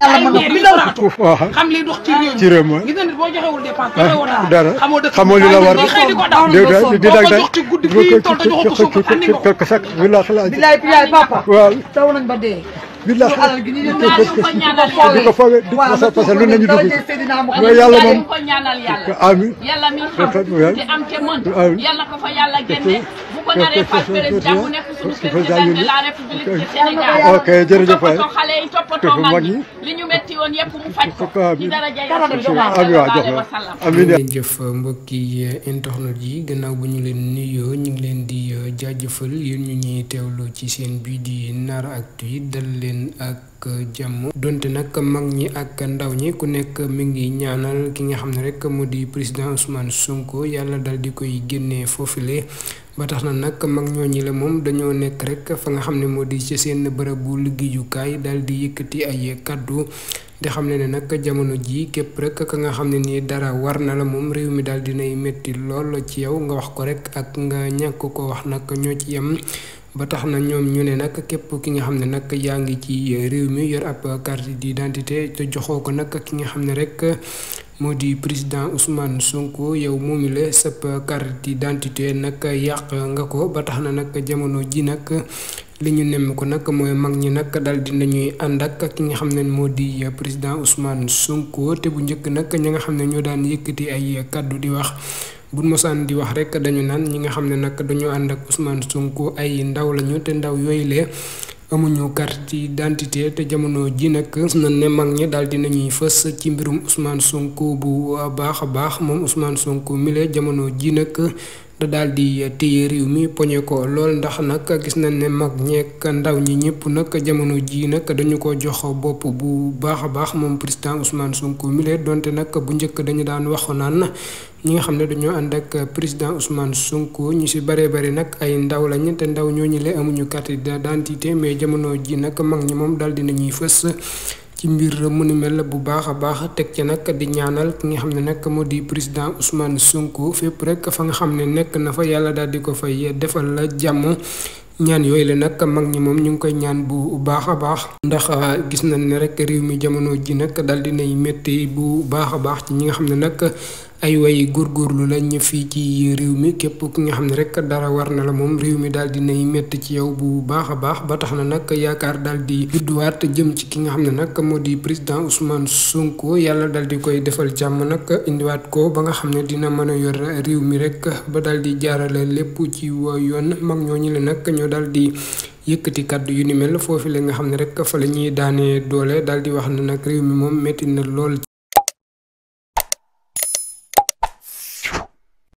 xam li dox ci réew mi ci réew mi gis nga nit boo joxewul dépense ah, dara xamoo li la war di di dag dag ko sak billahi papa waaw taw nañ ba dee billahi di ko fooge di ko sa fasa lu nañu dugg waaye yàlla moom amin yàlla mi am te am te mën yàlla ko fa yàlla génne Oke, jërëjëf jërëjëf ok jërëjëf waay toppatoo mag ñi li ñu metti woon yëpp mu faj ko ci daraja amiin jëf mbokki internet yi gannaaw bu ñu leen nuyoo ñu ngi leen di jaajëfal yéen ñu ñuy teewlu ci seen bii di Nar Actu yi dal leen ak jàmm donte nag mag ñi ak ndaw ñi ku nekk mi ngi ñaanal ki nga xam ne rek mu di président Ousmane Sonko yàlla dal di koy génnee foofule ba tax na nag mag ñooñi la moom dañoo nekk rek fa nga xam ne moo di ci seen bërëbu liggéeyukaay daal di yëkkati ay kàddu di xamle ne nag jamono ji képp rek ka nga xam ne ni dara war na la moom réew mi daal dinay metti lool ci yow nga wax ko rek ak nga ñàkk ko wax nag ñoo ci yam ba tax na ñoom ñu ne nag képp ki nga xam ne nag yaa ngi ci réew mi yor ab carte d'identité te joxoo ko nag ki nga xam rek moo di président Ousmane Sonko yow moomi la sab carte d'identité nag yàq nga ko ba tax na nag jamono ji nag li ñu nemm ko nak moy mag ñi nak dal di nañuy ànd ak ki nga xamne modi euh, president Ousmane Sonko te bu ñëk nak ñi nga xamne ñoo daan yëkëti ay kaddu di wax buñ mosaan di wax rek dañu naan ñi nga xamne nak dañu dañoo ak Ousmane Sonko ay ndaw lañu te ndaw yoy le amuñu carte d'identité te jamono ji nak na ne mag ñi di dinañuy fës ci mbirum Ousmane Sonko bu euh, baax baax mom Ousmane Sonko jamono ji nak te daal di téye réew mi poñe ko lool ndax nag gis nañ ne mag ñeek ndaw ñi ñëpp nag jamono ji nag dañu ko jox bopp bu baax a baax moom président Ousmane Sonko mile donte nag bu njëkk dañu daan waxoon naan na ñi nga xam ne dañoo ànd ak président Ousmane Sonko ñu si bëree bëri nag ay ndaw lañ te ndaw ñoo le amuñu carte d'identité mais jamono ji nag mag ñi moom daal di nañuy fës. ci mbir mu ni mel bu baax a baax teg ci nag di ñaanal ki nga xam ne nag moo di président Ousmane Sonko fépp rek fa nga xam ne nekk na fa yàlla daal di ko fay defal la jàmm ñaan yooyu la nag mag ñi moom ñu ngi koy ñaan bu baax a baax ndax ah, gis nañ ne rek réew mi jamono ji nag dal dinay métti bu baax a baax ci ñi nga xam ne nag ay way góorgóorlu la ñu fii ci réew mi képp ki nga xam ne rek dara war na la moom réew mi daal di nay métti ci yow bu baax a baax ba tax na nag yaakaar daal di judduwaat jëm ci ki nga xam ne nag moo di président Ousmane sunko yàlla dal di koy defal jàmm nag indiwaat ko ba nga xam ne dina mën a yor réew mi rek ba daal di jaarale lépp ci yoon mag ñooñu le nag ñoo daal di. yëkkati kàddu yu ni mel foofu la nga xam ne rek fa la ñuy daanee doole dal di wax na nag mi moom métti na lool.